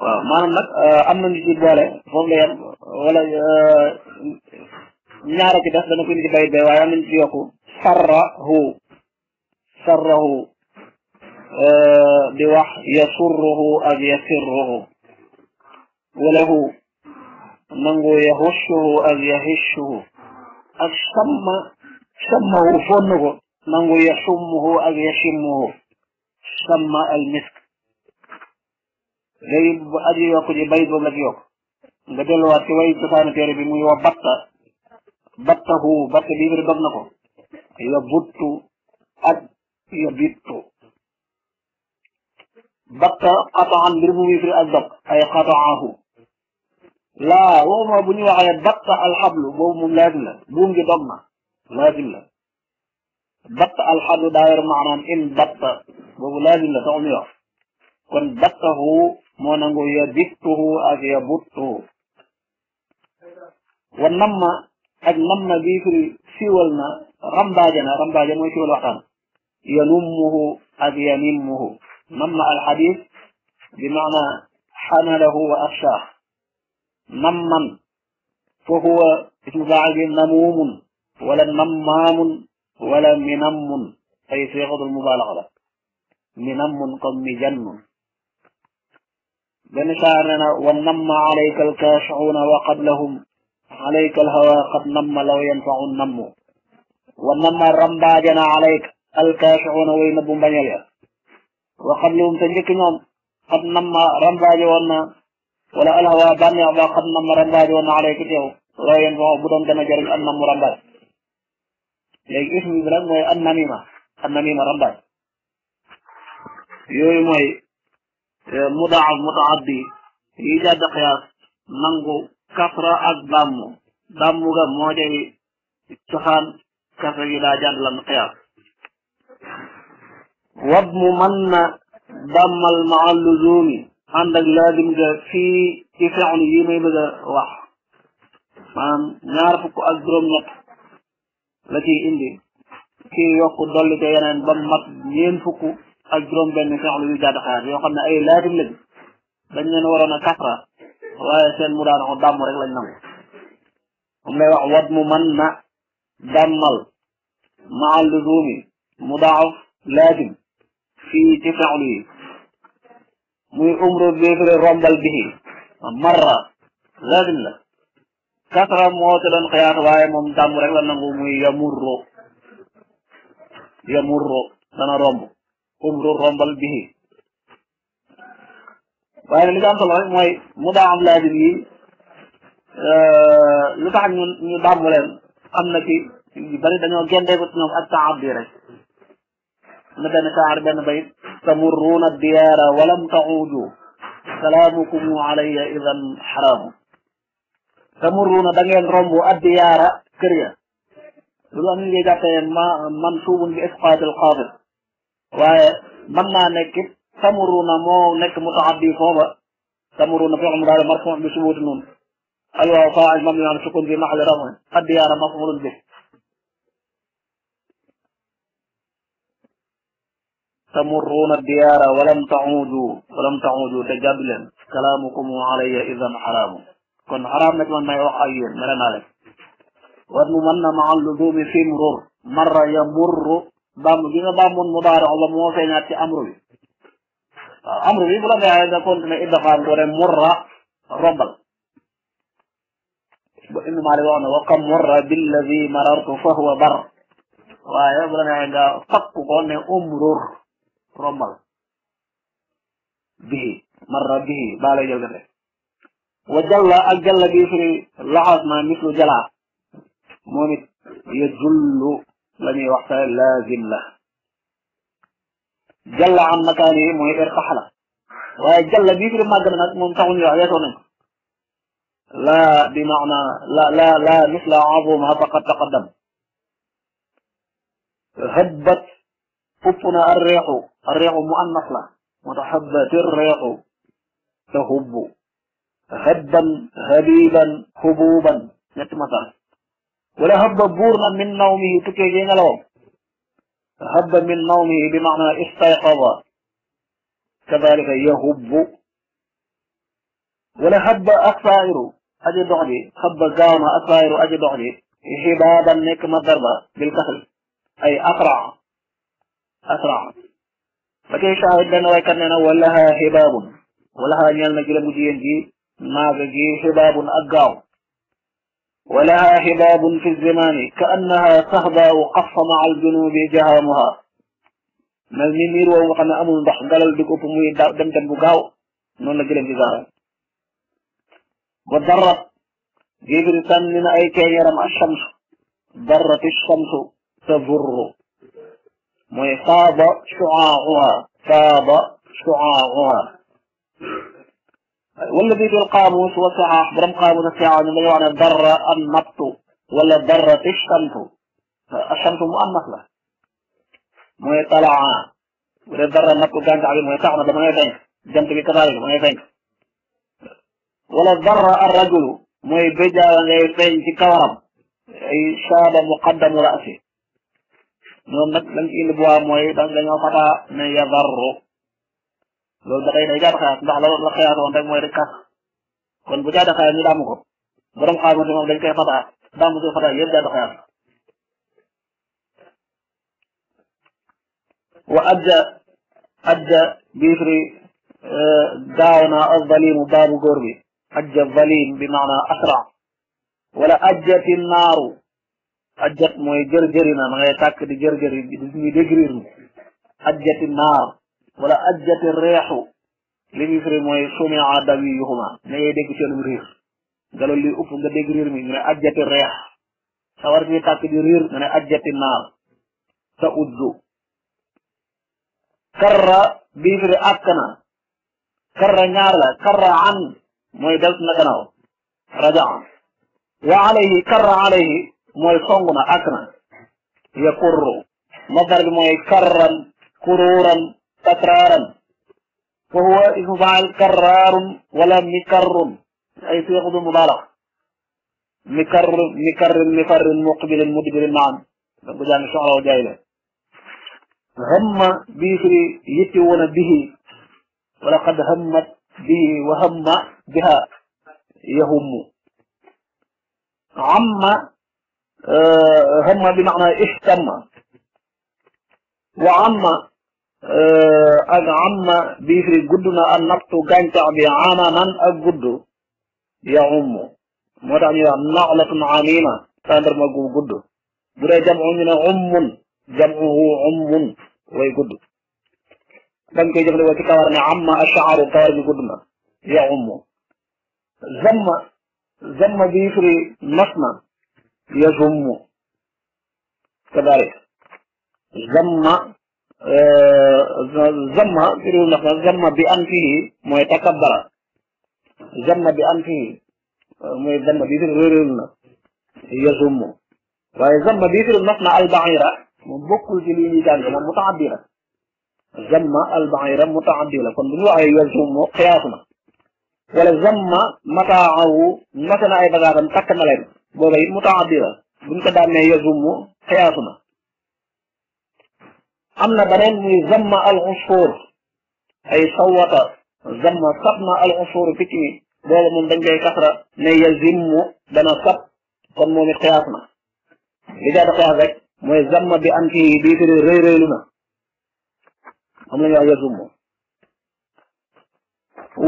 ما نمك أمن آه، نجيب ولا فضل يم ولا آه، نارا كده لأنه كنت جاي بيوايا من جيوكو سره سره آه، بواح يسره أو يسره وله nango yahushuhu avyahishshuhu assamma sammahu fonnugo nango yasummuhu avyashimmuhu samma almisk day aji yokkuji baybo la yok nga delluwaat ci way cosaanu téere bi muy wa batta battahu batta bi bir dog na ko ya buttu ak ya bittu batta qataan bir mu wifri ak dog ay qataahu لا هو ما مبني على بقطع الحبل بوم لازم بوم ضمه لازم بقطع الحبل داير معنا ان بقطع بوم لازم يا كن بقطه مو نانغو يبته اك يبته ونما اك نما بي في سيولنا رمباجنا رمباجا موي سيول وقتان ينمه اك ينمه نما الحديث بمعنى حمله واخشاه مما فهو اسم فاعل مموم ولا ممام ولا منم أي صيغة المبالغة منم قم جن بن شعرنا ونم عليك الكاشعون وقبلهم عليك الهوى قد نم لو ينفع النم والنم رمباجنا عليك الكاشعون وينبون وقد وقبلهم تنجك نوم قد نم رمباج ونا wala alhawa bànneex baa xam na marandaaj woon na alayka teew loo yeen bo bu doon dana jëriñ am na mu randaaj léegi ismu bi nag mooy an namima an namima randaaj yooyu mooy mudaaf mutaaddi yi jàdd xiyaas nangu kasra ak dàmmu dàmmu ga moo jay cosaan kasra yi daa jàdd lan xiyaas wadmu man na dàmmal maa luzumi عند أقول لمجا في يفعل يعني يمي مجا وح ما نعرفك أجرم نت لكي إندي كي يوكو دولي تيانين بم مات ينفكو أجرم بين يفعل يجاد خير لك أن نورنا كفرة الله يسين مدان عدام من ما muy umro bi fi rombal bi marra lazim la katra moo ci doon xiyaas waaye moom dàmm rek la nangu muy yamurro yamurro dana romb umro rombal bi waaye nag li nga am solo rek mooy mu daa am laajib yi lu tax ñu ñu dàmm leen am na ci bari dañoo gendeeku ci ñoom ak taab bi rek na benn taar benn bayit تمرون الديار ولم تعودوا سلامكم علي اذا حرام تمرون دنجل رومبو الديار كريا لولان لي جاتين ما منصوب باسقاط القابض واي من نك تمرون مو نك متعدي فوبا تمرون في عمر هذا مرفوع بثبوت نون الواقع أيوة، من يعرف سكون في محل رمى الديار مفعول به تمرون الديار ولم تعودوا ولم تعودوا تجابلا كلامكم علي إذا حرام كن حرام لك من يوحى أيين مرنا لك مع اللزوم في مرور مر يمر بام جينا بام مضارع الله موفينا أمره أمره يقول لك إذا كنت إذا قام مر ربل وإنما عليه وقم مر بالذي مررت فهو بر ويقول لك la neexee nga رمل به مر به بالا جلده وجل أجل بيسري لحظ ما مثل جلا مومت يجل لم يوحسى لازم له جل عن مكانه مهير قحلة وجل بيسري ما قلنات ممتعون يعيسون لا بمعنى لا لا لا مثل عظم هذا قد تقدم هبت قطنا الريح الريح مؤنث له وتحبت الريح تهب هبا هبيبا هبوبا نتمتع ولا هب بورنا من نومه تكيجين له هب من نومه بمعنى استيقظ كذلك يهب ولا هب الطائر أجد عدي هب زام أكثر أجد عدي هبابا نك ضربة بالكسر أي أقرع أسرع فكي شاهد لنا ويكن لنا ولها حباب ولها نيال مجلب جي ما بجي هباب أقاو ولها هباب في الزمان كأنها صهباء قف مع الجنوب جهامها مل من ميرو وقنا أمون بح قلل دكو فمو يدام جنبو قاو نون نجلب جزارة ودرت جيب الإنسان أي كان يرم الشمس درت الشمس تضره موي فاض شعاعها فاض شعاعها والذي في القاموس وسع برم قاموس سعى ما يعنى ذرة النبط ولا في الشمس الشمس مؤنث له موي طلعا ولا ذرة النبط كانت عليه موي طعنا بما يفنك جنت بكذلك بما يفنك ولا ذرة الرجل موي بجا ولا يفنك كورم اي شاب مقدم راسه ñoom nag lañ ci indi bu waa mooy da dañoo fataa ne yadarru loolu da koy day jaata xayaat ndax la la xayaat woon rek mooy rek kas kon bu jaata xayaat ñu daamu ko borom xaamante moom dañ koy fataa daamu soo fataa yëpp jaata xayaat wa adda adda biifri daaw naa azalimu baabu góor bi ajja zalim bi maana asra wala ajjati naaru أجت موي جرجرنا ما يتأكد الجرجر يدزني دقيرنا أجت النار ولا أجت الريح لم يفرم موي سمع دبيهما ما يدك شنو مريخ قالوا لي أوف عند دقيرنا من أجت الريح سوارك يتأكد الرير من أجت النار تأذو كرر بيفر أكنا كرر نارلا كرر عن موي دلت نكناو رجع وعليه كرر عليه, كر عليه mooy song na ak na yakurru masdar bi mooy karran kuruuran takraaran fa huwa ismu faal karraarun wala mikarrun ay siyaqudu mubaalax مكر مكر مفر مقبل مدبر معا دنگو جان شعر و جايلة هم بيفري يتون به ولقد همت به وهم بها يهم عم آه، هم بمعنى اهتم وعم آه، أن عم بيفري قدنا أن نقطو كانت عبي عاما من أقد يا عمو مدعني نعلة عميمة تاندر مقو قد بلا جمع من عم جمعه عم ويقدو لم كي جمعه وكتاورنا عم أشعر طارب قدنا يا امه زم زم بيفري مصنع يزم كذلك زم زم آه، في بأنفه ما زم بأنفه ما يضم بذل غير يضم بذل النصنع البعيرة بكل جليل جانب متعبرة زم البعيرة متعبرة كن بنوع يضم قياسنا ولا زم متاعه مثلا أي بغاغم تكن booba it mutaadira buñ ko daan ne yazummu xiyaasu na am na beneen muy zamma al usur ay sawata zamma sabna al usur fi ci booba moom dañ koy kasra ne yazimmu dana sab kon moom it xiyaas na li jaada xiyaas rek mooy zamma bi am ci bii firi rëy rëylu na am la ñu wax yazummu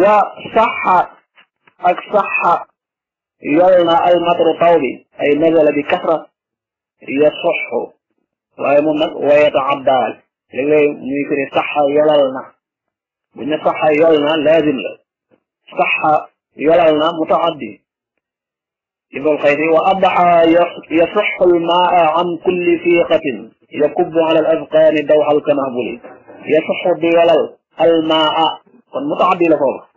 wa saxa ak saxa يلنا المطر مطر طولي أي نزل بكثرة يصحه ويتعبد لغاية نيكري صحة يللنا بني صحة يللنا لازم له صحة يللنا متعدي يقول خيري وأبحى يصح الماء عن كل فيقة يكب على الأذقان دوح الكمهبولي يصح بيلل الماء فالمتعدي لفوق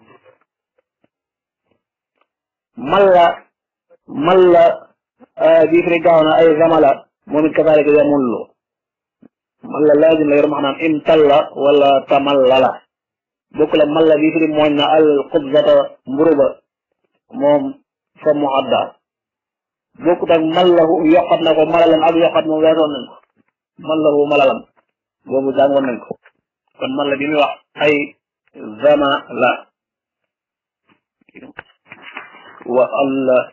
ملا ملا بيفرق هنا أي زملاء مؤمن كذلك يمل ملا لازم لا يرمحنا امتل ولا تملل بكل ملا بيفرق مونا القبضة مربة موم فمعدى bokkut ak mallahu yokkat na ko malalam ak yokkat moom weetoon nañ ko mallahu malalam boobu jàngoon nañ ko kon malla bi muy wax ay zama la وألا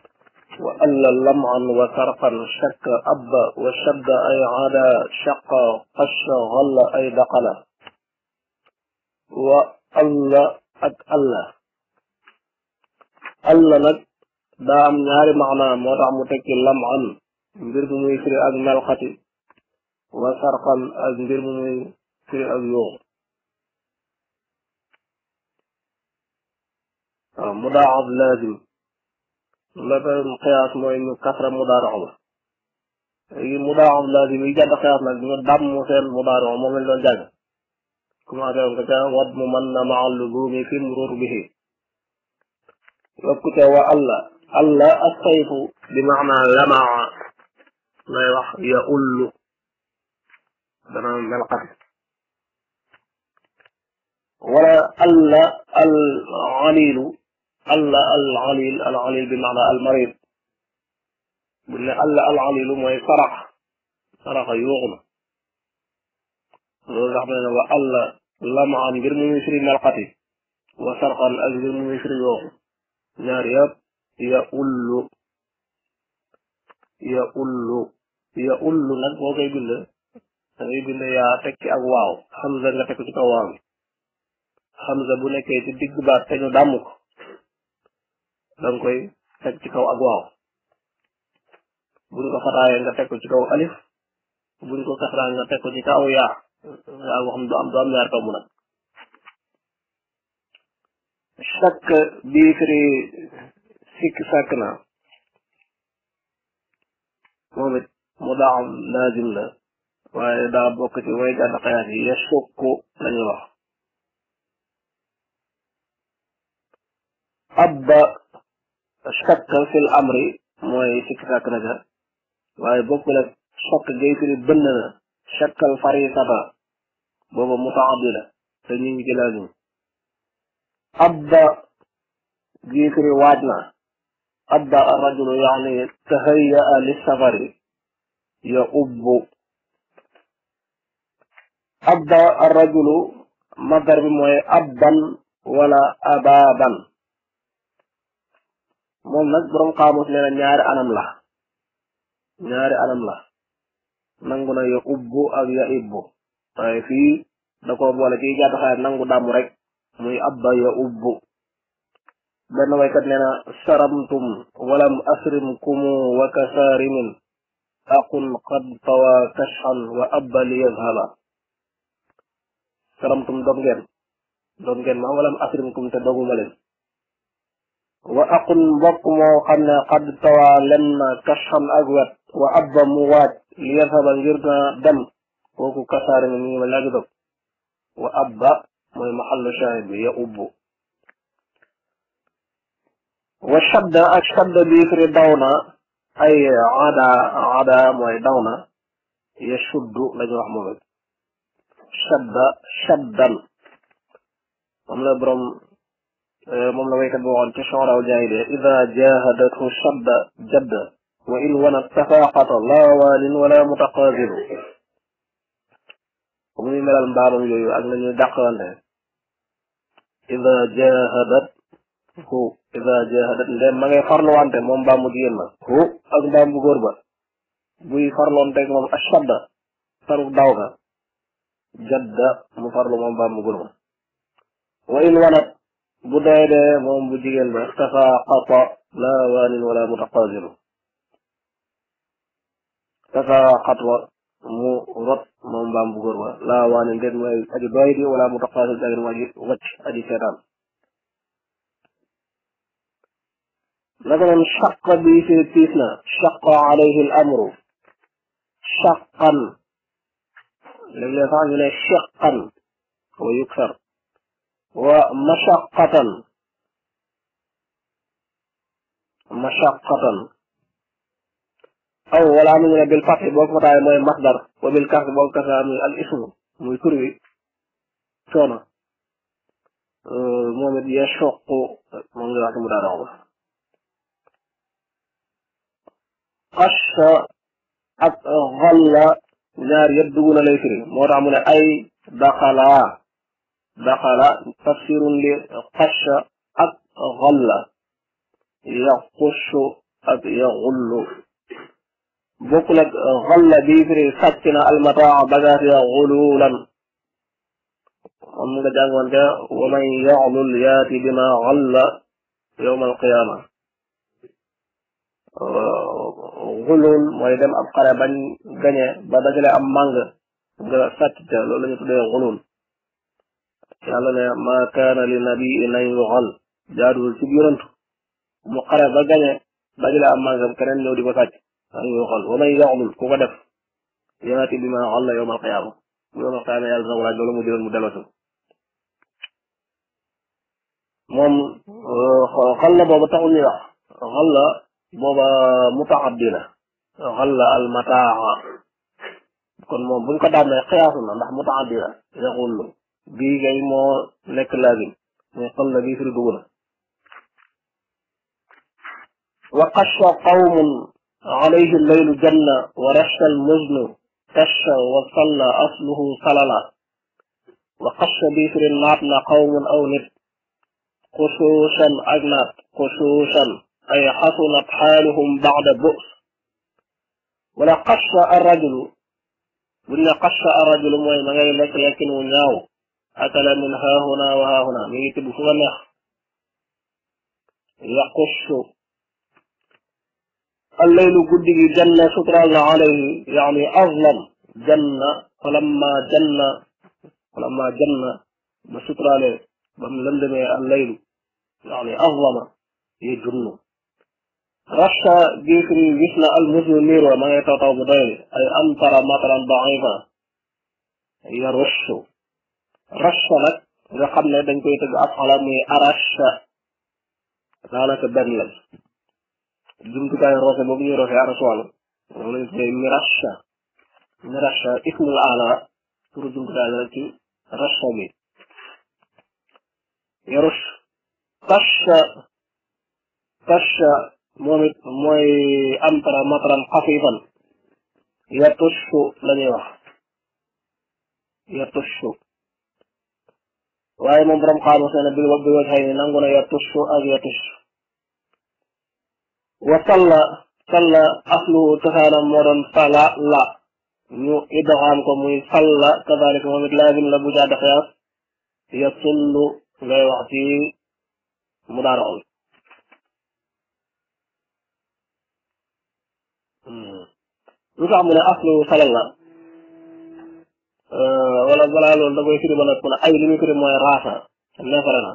وألا لمعا وسرقا شك أب وشد أي عدا شق قش غل أي دقل وألا أكألا ألا نك دام ناري معنا مرع متكي لمعا ندير بمي في الأجمال القتل وسرقا ندير بمي في الأجمال آه، مضاعف لازم la doon xiyaas mooy ñu kasra mudaaraxu ba léegi mudaaraxu laazim yi jàng xiyaas nag ñu dàmm seen mudaaraxu moom lañ doon jàng commencé woon ko ca wad mu man na maal luzumi fi murur bihi yokku ca wa alla alla ak sayfu bi maana lamaa lay wax ya ullu dana melqat wala alla al alilu الله العليل العليل بمعنى المريض قلنا الله العليل ما يصرخ صرخ يغنى رضي الله عنه الله لم عن غير ميسر من القتل وصرخ الأجر من ميسر يغنى نار يب يقول يقول يقول لك هو كيف يقول لك يقول لك يا تكي أواو خمزة لك تكي أواو خمزة بولك يتدق بات تنو دامك dang koy tek ci kaw ak waaw buñ ko fataaya nga tek ko ci kaw alif buñ ko kasra nga tek ko ci kaw yaa yaa wax du am du am ñaar kaw mu nag shakk bi firi sikk sàkk naa moom it mu daam laazim la waaye daa bokk ci way gàdd xayaat yi ya sukk lañuy wax abba شك في الامر موي تكتاك نجا واي بوكو لك شك جيتري بننا شك الفريسة بابا متعبدة تنين جلالي أبدا جيتري وادنا أبدا الرجل يعني تهيأ للسفر يؤب أبدا الرجل مدر موي ابا ولا أبابا moom nag borom xaamus nee na ñaari anam la ñaari anam la nangu na ya ubbu ak ya ibbu waaye fii da ko boole ci jàdd nangu dàmm rek muy abba ya ubbu benn waykat nee na saramtum walam asrimkumu wa kasaarimin aqun qad tawa kashan wa abba li yazhala saramtum dog ngeen ma walam asrimkum te doguma leen وأقل بقم وقنا قد توا لما كشم أقوى وأبا موات ليذهب الجرنا دم وكو كسار من نيم الأقدم وأبا من محل شاهد يا أبو والشبد أشبد بيكري دونا أي عدا عدا مي دونا يشد لجرح موت شد شدا أم لا برم moom la waykat bi waxoon ci choraw jaahiliya ida jahadatu shabba jadda wa in wana tafaqata laa waalin wala mutaqabilu comme muy melal mbaamam yooyu ak nañuy dàqante ida jahadat hu ida jahadat ndem ma ngay farluwante moom mbaamu jigéen ma hu ak mbaam bu góor ba buy farloonteeg moom ashadda saru daw ga jadda mu farlu moom mbaam bu góor ba wa in wanat بدايه موم بجيجل ما اختفى قطا لا وان ولا متقادر اختفى قطا مرط موم بام بغور لا وان غير ما ادي بايدي ولا متقادر غير ما ادي وجه ادي سيران لكن شق بي في تيسنا شق عليه الامر شقا لكن يفعل شقا ويكثر ومشقة مشقة أو ولا من بالفتح بوك مطاعي موي مصدر وبالكهف بوك مطاعي الاسم ميكروي كروي كونا مومد يشق من غير مدارة قش أغلى نار يدقون ليكري مورا من أي دخلها بقرة تفسير لقش أب غلة يقش أب يغل بقلة غلة بيبر ستنا المطاع بغير غلولا ومن جاء ومن يعل اليات بما غل يوم القيامة غلول ما يدم أبقر بني بني بدجل أمانغ ست جلولة يتبع غلول yàlla ne ma kaana li nabi in an yuxal jaaduwul ci yonantu mu xare ba gañe dajale am mansam keneen ñëw di ko sàcc an yuxal wa man yaxlul ku ko def yonati bi ma xal la yowmal qiyaama bu yowmal qiyaama yàlla dina ko laaj loolu mu jëloon mu delloosi moom xal la booba taxul ñuy wax xal la booba mutaaddi la xal la al mataaxa kon moom buñ ko daamee xiyaasu na ndax mutaaddi la yaxullu bii ngay moo nekk laazim muy xol la bii dugg وقش قوم عليه الليل جنة ورش المزن كش وصلى أصله صللا وقش بيفر النابنا قوم أو نت قشوشا أجنات قشوشا أي حصلت حالهم بعد بؤس ولا الرجل ولا قش الرجل موي ما لك لكن وناو أتلا من ها هنا وها هنا ميت بخلنخ يقش الليل قد جنة سترى الله عليه يعني أظلم جنة فلما جنة فلما جنة بسترى له بم الليل يعني أظلم يجنو رشا جيكري جسنا المزمير ما يتطاو بضيري أي أمطر مطرا ضعيفا يرشو racca nag nga xam ne dañ koy tëgg afala muy aracca daanaka benn lañ jumtukaay roose boobu ñuy roose aracca wàll moom lañ koy miracca miracca ismul ala pour jumtukaay la ci racca bi yarush tacca tacca moom it mooy amtara mataran xafifan yatushu la ñuy wax yatushu waaye moom borom xaamus nee na bil wabbi wajhay ni nangu na yatussu ak yatuss wa salla salla asluhu cosaanam moo doon fala la ñu idgaam ko muy salla kadalika moom it laazim la bu jaada xiyaas yasullu ngay wax ci mu daara ol lu tax mu ne aslu salla la wala balaa loolu da koy firi ba noppi mu ne ay li muy firi mooy raafa neefare na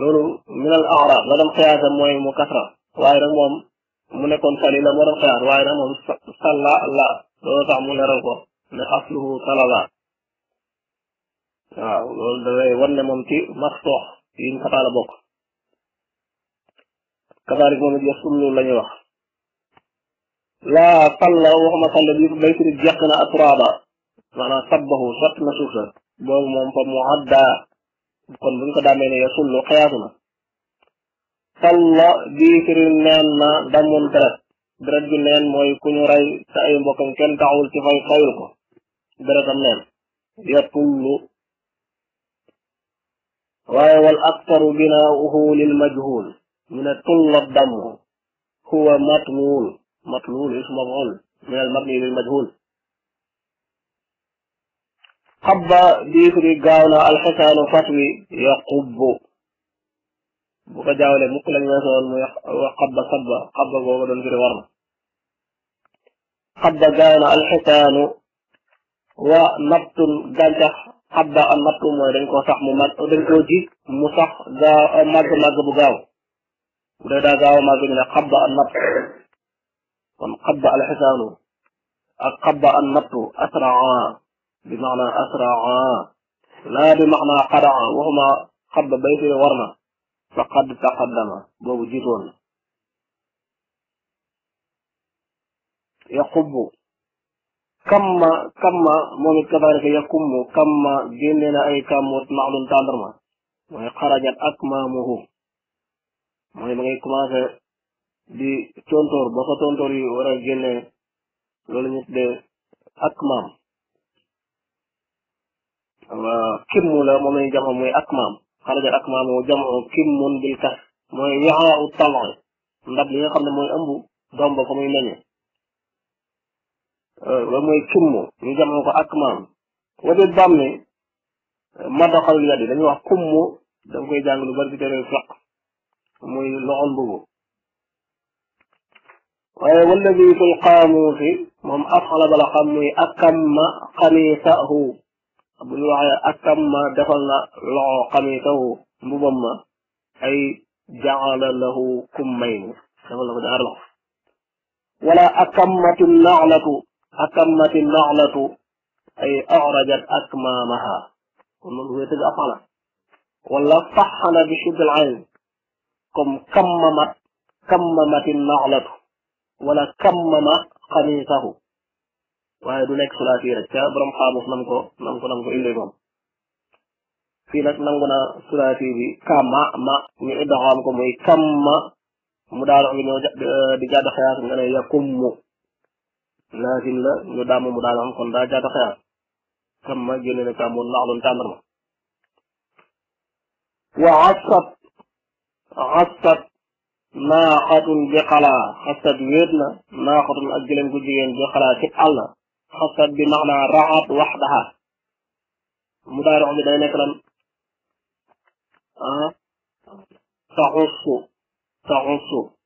loolu min al arab la dem xiyaasa mooy mu kasra waaye nag moom mu nekkoon sali la moo dem xiyaas waaye nag moom salla la loolu tax mu leeral ko ne asluhu talaba waaw loolu da lay wan ne moom ci mastoox yi mu xataa la bokk kasaarik moom it yasulu la ñuy wax laa salla waxuma salla bi day firi jeq na atraaba maanaam sabbahu sott na suuf sa boobu moom fa muadda kon buñ ko dammee ne yasullu xiyaasu na salla bii firi neen na dammul deret deret bi neen mooy ku ñu rey te ay mbokkam kenn taxawul ci fay fayul ko deretam neen yatullu waaye wal aktaru binaauhu lil majhul ñu ne tulla damu huwa matluul matluul isma maol min al mabni lil majhul حبا ديفري غاونا الحسن فتوي يقب بقى جاولة مقلا يسول وقب صب قب بوغدن في الورد حبا غاونا الحسن ونبت قانتح حب النبت موي دنكو صح ممد دنكو جي مصح مد مد بقاو ودا غاو ما قلنا قب النبت ونقب الحسن أقب النبت أسرع بمعنى أسرعا لا بمعنى قرعا وهما قبل بيت ورنا فقد تقدم بوب يقب كما كما مومي كذلك يقم كما جننا أي كم معلوم تعلم وهي خرجت أكمامه mooy ma ngay commencé di tontóor ba ko tontóor yi war a كم لا ممن جمع مي أكمام خرج الأكمام وجمع كم بالكس مي يعاء الطلع ندب لي خمد مي أمبو دم بكم يمني ومي كم يجمع أكمام وده دم ما دخل لي ده لأنه كم دم كي جانغ لبر بيتر يفرق مي لون بو والذي في القاموس مم أفعل بلقم أكم قميصه bu ñu waxee akam ma defal na loxo xamee kaw mbubam ma ay jaala lahu kummayn defal na ko ñaari loxo wala akammati naalatu akammati naalatu ay arajat akmamaha kon loolu wéy tëgg afala wala faxana bi shudd al ayn comme kammamat kammamati naalatu wala kammama xamiisahu waaye du nekk sulaat yi rek ca borom xaabus nam ko nam ko nam ko indee moom fii nag nangu na sulaat yi bi kama ma ñu iddoxaam ko muy kamma mu daal ngi ñëw di jàdd xayaat nga ne yakummu laasim la ñu daam mu daal am kon daa jàdd xayaat kamma génne na kàmmoon naxlun tàndarma wa asat asat naaxatun bi xalaa xasat wéet na naaxatun ak jëleen gu jigéen bi xalaa ci àll خصت بمعنى رعب وحدها مضارع عمي داي نيك لان اه تعصو تعصو